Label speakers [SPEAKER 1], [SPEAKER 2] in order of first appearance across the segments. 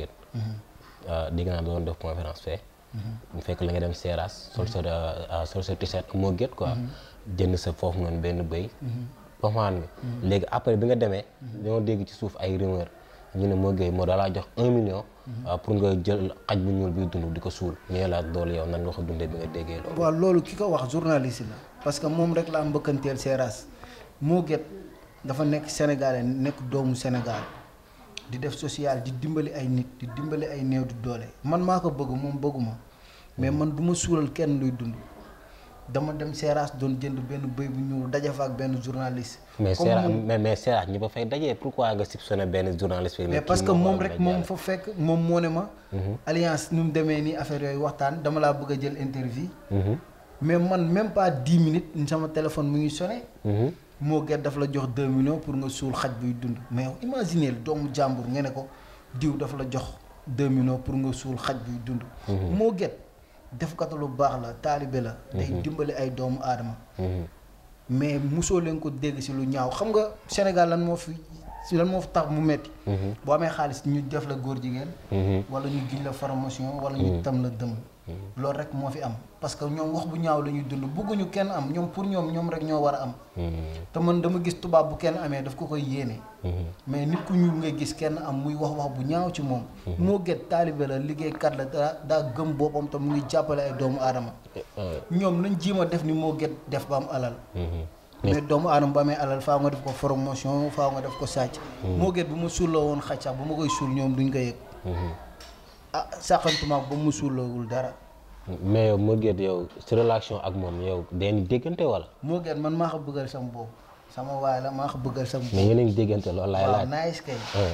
[SPEAKER 1] géet euh, dégg naa doon def conférence fee bu fekk la nga dem seeraas sol sa euh, euh, sol sa moo géet quoi jënd sa foofu noonu benn bëy pamaan bi léegi après bi nga demee dañoo dégg ci suuf ay rumeur ñu ne moo géey moo dalaa jox un million pour nga jël xaj bu ñuul biy dund di ko suul ñu laaj dool yow nan nga ko dundee bi nga déggee loolu
[SPEAKER 2] waaw loolu ki ko wax journaliste la parce que moom rek laa mbëkkanteel seeraas moo gét dafa nekk sénégalais nekk doomu sénégal di def social di dimbali ay nit di dimbali ay néew di doole man maa ko bëgg moom bëgguma mais man du ma suural kenn luy dund dama dem Seras doon jënd benn bëy bu ñuul daje fa ak benn journaliste. mais Seras mais
[SPEAKER 1] mais Seras ñi ba fay daje pourquoi nga soupçonné benn journaliste. mais parce que moom rek moom
[SPEAKER 2] fa fekk moom moo ne ma. Mhm. alliance nu mu demee nii affaire yooyu waxtaan dama laa bëgg a jël interview. Mhm. mais man même pas dix minutes sama téléphone mu ngi sonné. Mhm. moo gën daf la jox 2 millions pour nga suul xaj buy dund mais yow imagineel doomu jàmbur nga ne ko diw daf la jox 2 millions pour nga suul xaj buy dund. moo mhm. gën defkat lu baax la taalibe la. day mhm. dimbali ay doomu aadama. Mhm. mais mosoo leen ko dégg si lu ñaaw xam nga Sénégal lan moo fi lan moo fi tax mu metti boo amee xaalis ñu def la góor jigéen. wala ñu giñ la formation wala ñu tam la dëmm. loolu rek moo fi am parce que ñoom wax bu ñaaw la ñuy dund bëgguñu kenn am ñoom pour ñoom ñoom rek ñoo war a am.
[SPEAKER 3] Mm-hmm. te
[SPEAKER 2] man dama gis tubaab bu kenn amee daf ko koy yéene. Mm-hmm. mais nit ku ñu nga gis kenn am muy wax wax bu ñaaw ci moom. Mm-hmm. moo gét taalibe la liggéeykat la daa daa gëm boppam te mu ngi jàppale ay doomu aadama. ñoom nañ jéem a def ni moo gét def ba am alal. mais doomu aadama ba amee alal faaw nga def ko formation faa nga def ko sàcc. moo gét bu ma suul la woon xàccax bu ma koy suul ñoom duñ ko yëg. ah saxantuma ba mu
[SPEAKER 1] suulawul dara. mais yow Mo Gates yow sa relation ak moom yow dañuy déggante wala.
[SPEAKER 2] Mo man maa ko bëggal sama bopp sama waay la maa bëggal sama bopp. mais yéen
[SPEAKER 1] a loolu laay laaj.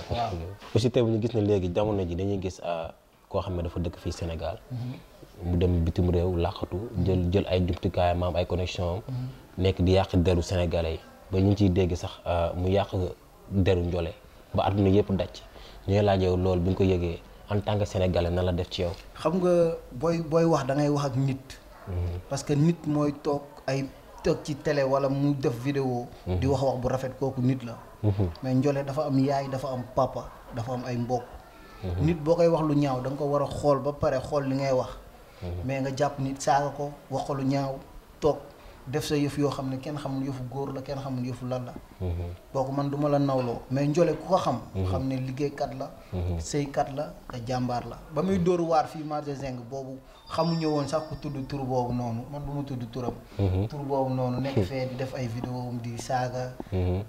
[SPEAKER 1] waaw bu ñu gis ne léegi jamono ji dañuy gis ah, koo xam ne dafa dëkk fii Sénégal.
[SPEAKER 3] Mm-hmm.
[SPEAKER 1] mu dem bitim réew làqatu jël jël ay jumtukaayam am ay connexion mm-hmm. nekk di yàq deru Sénégalais yi ba ñu ngi ciy dégg sax ah, mu yàq deru Njole ba àdduna yëpp daj ñooy laaj yow loolu bi ñu ko yëgee. en tant que sénégalais na la def ci yow. xam
[SPEAKER 2] nga booy booy wax dangay wax ak nit. Mm-hmm. parce que nit mooy toog ay toog ci télé wala mu def vidéo. Mm-hmm. di wax wax bu rafet kooku nit la. Mm-hmm. mais Ndiolé dafa am yaay dafa am papa dafa am ay mbokk. nit boo koy wax lu ñaaw da ko war a xool ba pare xool li ngay wax. mais nga jàpp nit saaga ko wax ko lu ñaaw toog. def sa yëf yoo xam ne kenn xamul yëfu góor la kenn xamul yëfu lan la. Mm-hmm. kooku man du la nawloo. mais njole ku ko xam. xam mm-hmm. ne liggéey kat la. Mm-hmm. sëykat la te jàmbaar la. ba muy dóor waar fii marché Zeng boobu xamuñu woon sax ku tudd tur boobu noonu man du ma tudd turam. tur boobu noonu nekk fee di def ay vidéo di saaga.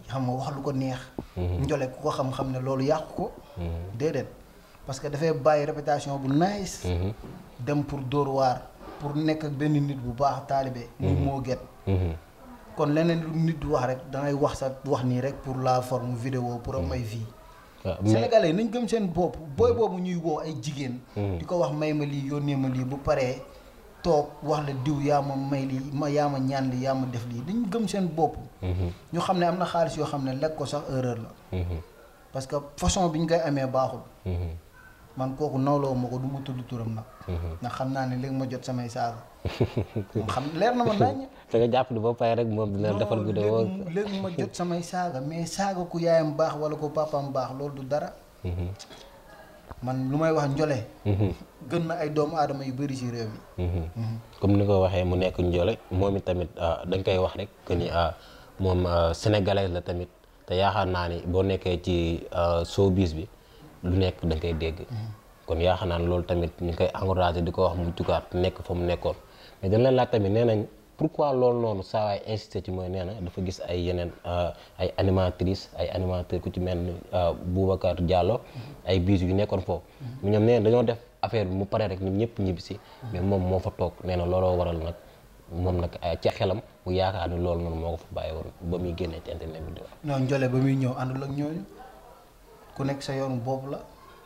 [SPEAKER 2] xam nga wax lu ko neex. njole ku ko xam xam ne loolu yàqu ko. déedéet parce que dafay bàyyi réputation bu nice. dem pour dóor pour nekk ak benn nit bu baax taalibe moom mhm. moo get mhm. kon leneen lu nit du wax rek dangay wax sa wax nii rek pour la forme vidéo pour am mhm. ay vie
[SPEAKER 3] ah, sénégalais
[SPEAKER 2] nañ gëm seen bopp booy boobu ñuy woo ay jigéen di ko wax may ma lii yoon yónnee ma lii bu paree toog wax la diw yaa ma may lii ma yaa ma ñaan lii yaa ma def lii dañ gëm seen bopp ñu xam ne am na xaalis yoo xam ne lekk ko sax erreur la parce que façon bi ñu koy amee baaxul man kooku nawloo ma ko du ma tudd turam nag. Mhm. ndax xam naa ne léegi ma jot samay saaga.
[SPEAKER 1] moom xam leer na jàpp ne boo paree rek moom dina defal gudde woo.
[SPEAKER 2] léegi jot samay saaga mais saaga ku yaayam baax wala ku papaam baax loolu du dara. Mhm. man lu may wax njole. Mhm. gën na ay doomu aadama yu bëri si réew
[SPEAKER 1] mi. comme ni ko waxee mu nekk njole moom it tamit ah, dañ koy wax rek que ni ah, moom ah, sénégalais la tamit te yaakaar naa ni boo nekkee ci showbiz bi. lu nekk da koy dégg. kon yaakaar naa loolu tamit ñu koy encouragé di ko wax mu jugaat nekk fa mu nekkoon mais dañ la laaj tamit nee nañ loolu noonu saa waay insisté ci nee na dafa gis ay yeneen euh, ay animatrices ay animateurs ku ci mel ni euh, Boubacar Diallo. ay biis yu nekkoon foofu. ñoom nee dañoo def affaire bi mu pare rek ñoom ñëpp ñibbi mais moom moo fa toog nee na looloo waral nag moom nag ay euh, ca xelam mu yaakaar ni loolu noonu moo ko fa bàyyi woon ba muy génnee ci internet bi.
[SPEAKER 2] non ku nekk sa yoon bopp la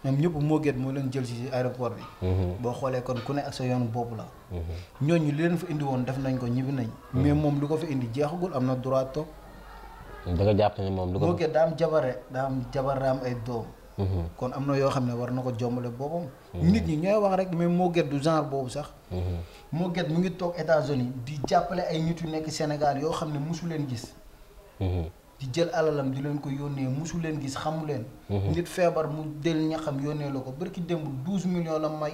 [SPEAKER 2] ñoom ñëpp moo géet moo leen jël si aéroport bi mhm. boo xoolee kon ku ne ak sa yoon bopp la mhm. ñooñu li leen fa indi woon def nañ ko ñibbi nañ mhm. mais moom lu ko fa indi jeexagul am na droit toog
[SPEAKER 1] da nga jàpp ne lu ko moo géet
[SPEAKER 2] daa am jabare ay doom kon am na yoo xam ne war na ko jombale boppam nit ñi ñooy wax rek mais moo géet du genre boobu sax moo mu ngi toog États-Unis di jàppale ay nit yu nekk Sénégal yoo xam ne mosu leen gis di jël alalam di leen ko yónnee musu leen gis xamu leen. Mhm. nit feebar mu del ñaxam yónnee la ko barki démb douze millions la may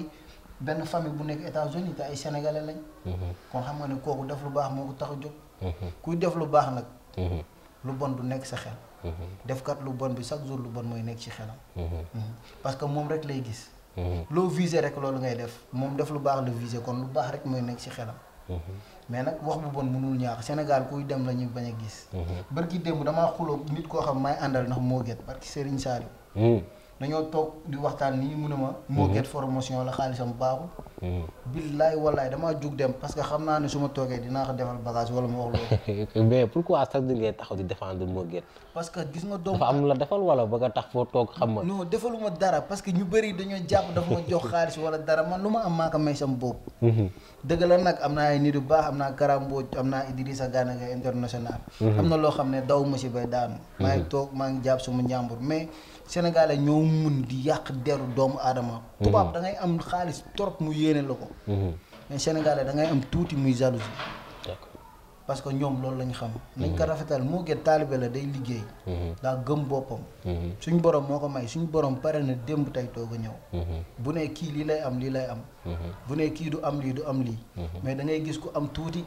[SPEAKER 2] benn famille bu nekk États-Unis te ay sénégalais lañ. Mhm. kon xam nga ne kooku def lu baax moo ko tax a jóg. Mhm. kuy def lu baax nag. lu bon du nekk sa xel. kat lu bon bi chaque jour lu bon mooy nekk ci xelam. parce que moom rek lay gis. loo visé rek loolu ngay def moom def lu baax la visé kon lu baax rek mooy nekk ci xelam. Mm-hmm. mais nag wax bu bon mënul ñaax Sénégal kuy dem la ñu bañ a gis. Mm-hmm. barki démb damaa xuloo nit koo xam may àndal ndax moo gét barki Serigne Saliou. Mm. dañoo toog di waxtaan nii mu ne ma. moo mm-hmm. gét formation la xaalisam baaxul. Mm-hmm. billaay wallaay damaa jug dem parce que xam naa ne su ma toogee dinaa ko defal bagage wala ma wax
[SPEAKER 1] loolu. mais pourquoi sax di ngay taxaw di défendre moo gën. parce que gis nga doomu. dafa am la defal wala ba nga tax foo toog xam ma. non defaluma dara parce que ñu bëri dañoo jàpp dafa ma jox xaalis wala dara man lu ma am maa
[SPEAKER 2] ko may sam bopp. Mm-hmm. dëgg la nag am naa ay nit yu baax am naa Karambo am naa Idrissa Gana Gueye international. Mm-hmm. am na loo xam ne daw ma si bay daanu. maa ngi toog maa ngi jàpp sama njàmbur mais sénégalais ñoo mun di yàq deru doomu aadama. tubaab da ngay am xaalis trop mu yéene la ko. Mhm. mais sénégalais da ngay am tuuti muy jalousie. parce que ñoom loolu lañu xam. Mhm. nañ ko rafetal moo gën taalibe la day liggéey. Mhm. daa gëm boppam. suñ borom moo ko may suñ boroom pare na démb tey toog a ñëw. bu ne kii lii lay am lii lay am. bu ne kii du am lii du am lii. mais da gis ku am tuuti.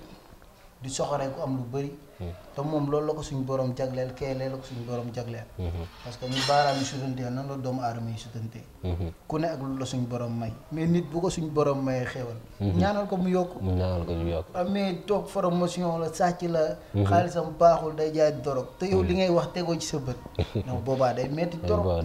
[SPEAKER 2] di soxoree ku am lu bëri. Hmm. te moom loolu la ko suñu borom jagleel kee lee la ko suñu boroom jagleel. Hmm. parce que ñu baaraam yi sutantee nan la doomu aadama yi sutantee. Hmm. ku ne ak lu la suñu boroom may. mais nit bu ko suñu borom mayee xéewal. ñaanal ko mu yokk.
[SPEAKER 3] ñaanal ko mu
[SPEAKER 2] yokk. mais toog formation la sàcc la. xaalisam baaxul day jaay dorog. te yow li ngay wax tegoo ci sa bët. donc boobaa day metti dorog.